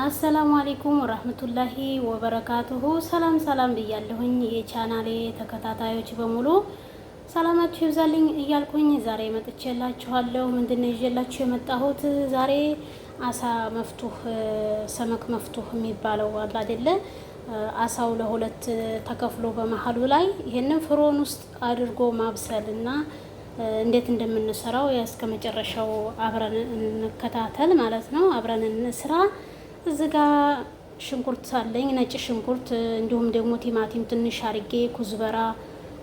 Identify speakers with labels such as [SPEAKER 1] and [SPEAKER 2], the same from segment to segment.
[SPEAKER 1] አሰላሙ አሌይኩም ወራህመቱላሂ ወበረካቱሁ። ሰላም ሰላም ብያለሁኝ የቻናሌ ተከታታዮች በሙሉ ሰላማችሁ ይብዛልኝ እያልኩኝ ዛሬ መጥቼላችኋለሁ። ምንድን ነው ይዤላችሁ የመጣሁት ዛሬ አሳ መፍቱህ ሰመክ መፍቱህ የሚባለው አለ አይደለ? አሳው ለሁለት ተከፍሎ በመሀሉ ላይ ይህንን ፍሮን ውስጥ አድርጎ ማብሰል እና እንዴት እንደምንሰራው እስከ መጨረሻው አብረን እንከታተል ማለት ነው። አብረን እንስራ። እዚህ ሽንኩርት ሳለኝ ነጭ ሽንኩርት እንዲሁም ደግሞ ቲማቲም ትንሽ አርጌ ኩዝበራ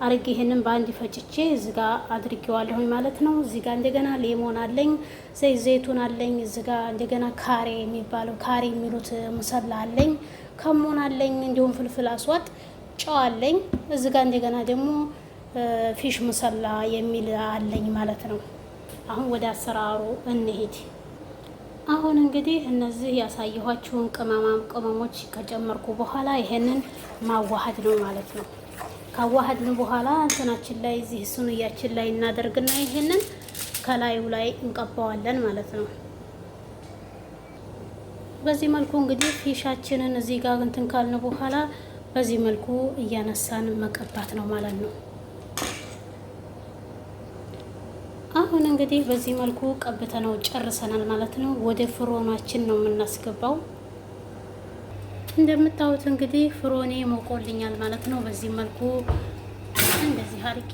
[SPEAKER 1] አርጌ ይሄንን በአንድ ፈጭቼ እዚጋ አድርጌዋለሁ አድርጌዋለሁኝ ማለት ነው። እዚህ እንደገና ሌሞን አለኝ፣ ዘይት ዘይቱን አለኝ። እዚህ እንደገና ካሬ የሚባለው ካሬ የሚሉት ሙሰላ አለኝ፣ ከሞን አለኝ፣ እንዲሁም ፍልፍል አስዋጥ ጨው አለኝ። እዚህ እንደገና ደግሞ ፊሽ ሙሰላ የሚል አለኝ ማለት ነው። አሁን ወደ አሰራሩ እንሄድ። አሁን እንግዲህ እነዚህ ያሳየኋችሁን ቅመማ ቅመሞች ከጨመርኩ በኋላ ይሄንን ማዋሃድ ነው ማለት ነው። ካዋሃድን በኋላ እንትናችን ላይ እዚህ ሱንያችን ላይ እናደርግና ይሄንን ከላዩ ላይ እንቀባዋለን ማለት ነው። በዚህ መልኩ እንግዲህ ፊሻችንን እዚህ ጋር እንትን ካልን በኋላ በዚህ መልኩ እያነሳን መቀባት ነው ማለት ነው። አሁን እንግዲህ በዚህ መልኩ ቀብተነው ጨርሰናል ማለት ነው። ወደ ፍሮናችን ነው የምናስገባው። እንደምታዩት እንግዲህ ፍሮኔ ሞቆልኛል ማለት ነው። በዚህ መልኩ እንደዚህ አድርጌ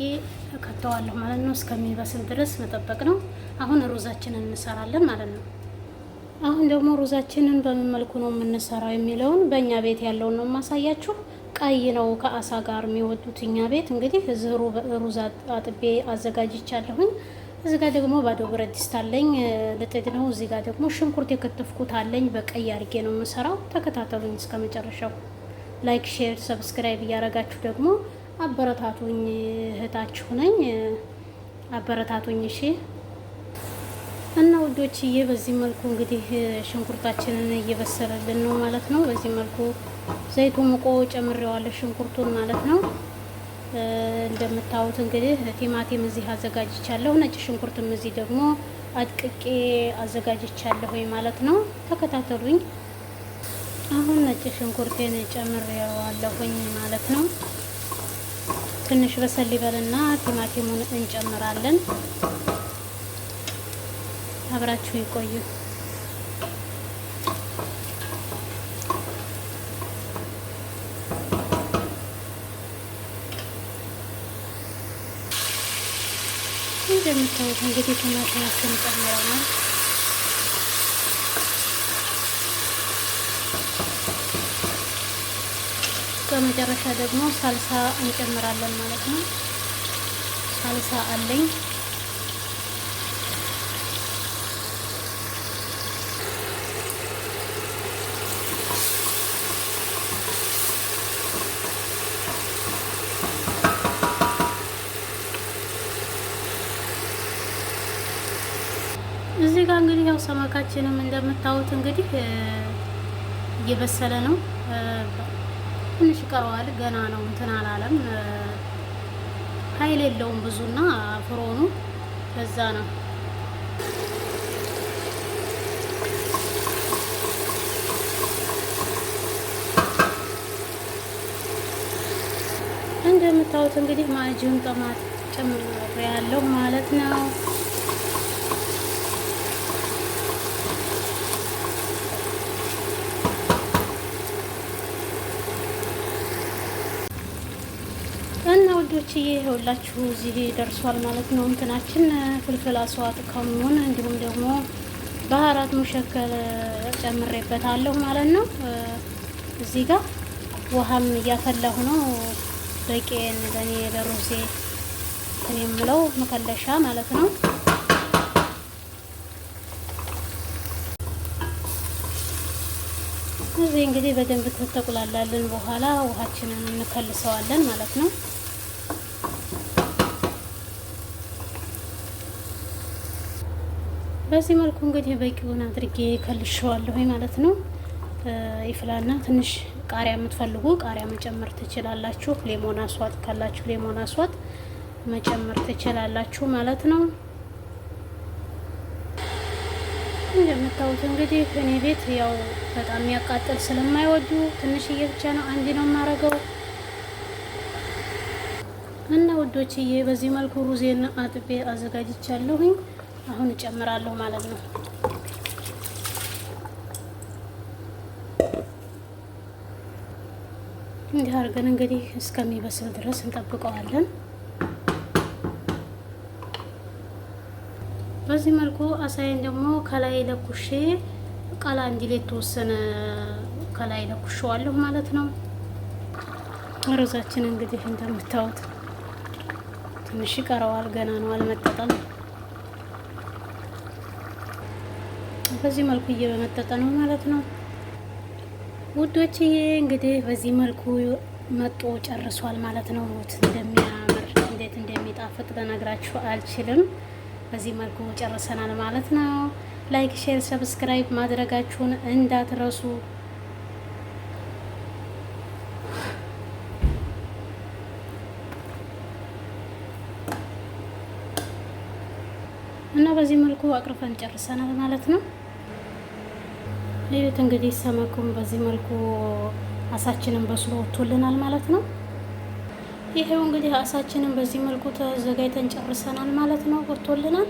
[SPEAKER 1] ከተዋለሁ ማለት ነው። እስከሚበስል ድረስ መጠበቅ ነው። አሁን ሩዛችንን እንሰራለን ማለት ነው። አሁን ደግሞ ሩዛችንን በምን መልኩ ነው የምንሰራው የሚለውን በእኛ ቤት ያለውን ነው የማሳያችሁ። ቀይ ነው ከአሳ ጋር የሚወጡት እኛ ቤት እንግዲህ እዚህ ሩዝ አጥቤ አዘጋጅቻለሁኝ። እዚህ ጋር ደግሞ ባዶ ብረት ድስት አለኝ፣ ልጥድ ነው። እዚህ ጋር ደግሞ ሽንኩርት የከተፍኩት አለኝ። በቀይ አድርጌ ነው የምሰራው። ተከታተሉኝ እስከ መጨረሻው። ላይክ፣ ሼር፣ ሰብስክራይብ እያረጋችሁ ደግሞ አበረታቱኝ። እህታችሁ ነኝ፣ አበረታቱኝ። እሺ እና ውዶችዬ በዚህ መልኩ እንግዲህ ሽንኩርታችንን እየበሰለልን ነው ማለት ነው። በዚህ መልኩ ዘይቱ ሙቆ ጨምሬዋለሁ፣ ሽንኩርቱን ማለት ነው። እንደምታዩት እንግዲህ ቲማቲም እዚህ አዘጋጅቻለሁ። ነጭ ሽንኩርትም እዚህ ደግሞ አጥቅቄ አዘጋጅቻለሁ ማለት ነው። ተከታተሉኝ። አሁን ነጭ ሽንኩርቴን ጨምሬዋለሁኝ ማለት ነው። ትንሽ በሰል ይበልና ቲማቲሙን እንጨምራለን። አብራችሁ ይቆዩ። እንደምታዩት እንግዲህ ቲማቲማችን ጨምረናል። በመጨረሻ ደግሞ ሳልሳ እንጨምራለን ማለት ነው። ሳልሳ አለኝ እንግዲህ ያው ሰማካችንም እንደምታዩት እንግዲህ እየበሰለ ነው። ትንሽ ይቀረዋል። ገና ነው እንትን አላለም። ኃይል የለውም ብዙና ፍሮኑ በዛ ነው። እንደምታዩት እንግዲህ ማጂውን ጨምር ያለው ማለት ነው። ውዶች ይኸውላችሁ እዚህ ደርሷል ማለት ነው። እንትናችን ፍልፍል አስዋት ከሙን እንዲሁም ደግሞ ባህራት ሙሸከል ጨምሬበታለሁ ማለት ነው። እዚህ ጋር ውሃም እያፈላሁ ነው። በቄን ለእኔ ለሩሴ እንትን የምለው መከለሻ ማለት ነው። እዚህ እንግዲህ በደንብ ተቁላላልን በኋላ ውሃችንን እንከልሰዋለን ማለት ነው። በዚህ መልኩ እንግዲህ በቂውን አድርጌ ከልሸዋለሁ ማለት ነው። ይፍላና ትንሽ ቃሪያ የምትፈልጉ ቃሪያ መጨመር ትችላላችሁ። ሌሞን አስዋጥ ካላችሁ ሌሞን አስዋጥ መጨመር ትችላላችሁ ማለት ነው። እንደምታዩት እንግዲህ እኔ ቤት ያው በጣም የሚያቃጥል ስለማይወዱ ትንሽዬ ብቻ ነው አንድ ነው የማረገው እና ውዶችዬ በዚህ መልኩ ሩዜን አጥቤ አዘጋጅቻለሁኝ። አሁን እጨምራለሁ ማለት ነው። እንዲህ አድርገን እንግዲህ እስከሚበስል ድረስ እንጠብቀዋለን። በዚህ መልኩ አሳይን ደግሞ ከላይ ለኩሼ ቃላ እንዲል የተወሰነ ከላይ ለኩሸዋለሁ ማለት ነው። ሩዛችን እንግዲህ እንደምታዩት ትንሽ ይቀረዋል። ገና ነው አልመጠጠም። በዚህ መልኩ እየመጠጠ ነው ማለት ነው ውዶችዬ። እንግዲህ በዚህ መልኩ መጦ ጨርሷል ማለት ነው። እንደሚያምር እንዴት እንደሚጣፍጥ ልነግራችሁ አልችልም። በዚህ መልኩ ጨርሰናል ማለት ነው። ላይክ፣ ሼር፣ ሰብስክራይብ ማድረጋችሁን እንዳትረሱ። እና በዚህ መልኩ አቅርፈን ጨርሰናል ማለት ነው። ሌሊት እንግዲህ ሰመቁም በዚህ መልኩ አሳችንን በስሎ ወጥቶልናል ማለት ነው። ይሄው እንግዲህ አሳችንን በዚህ መልኩ ተዘጋጅተን ጨርሰናል ማለት ነው፣ ወጥቶልናል።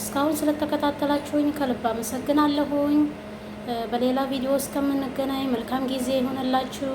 [SPEAKER 1] እስካሁን ስለተከታተላችሁኝ ከልብ አመሰግናለሁኝ። በሌላ ቪዲዮ እስከምንገናኝ መልካም ጊዜ ይሆንላችሁ።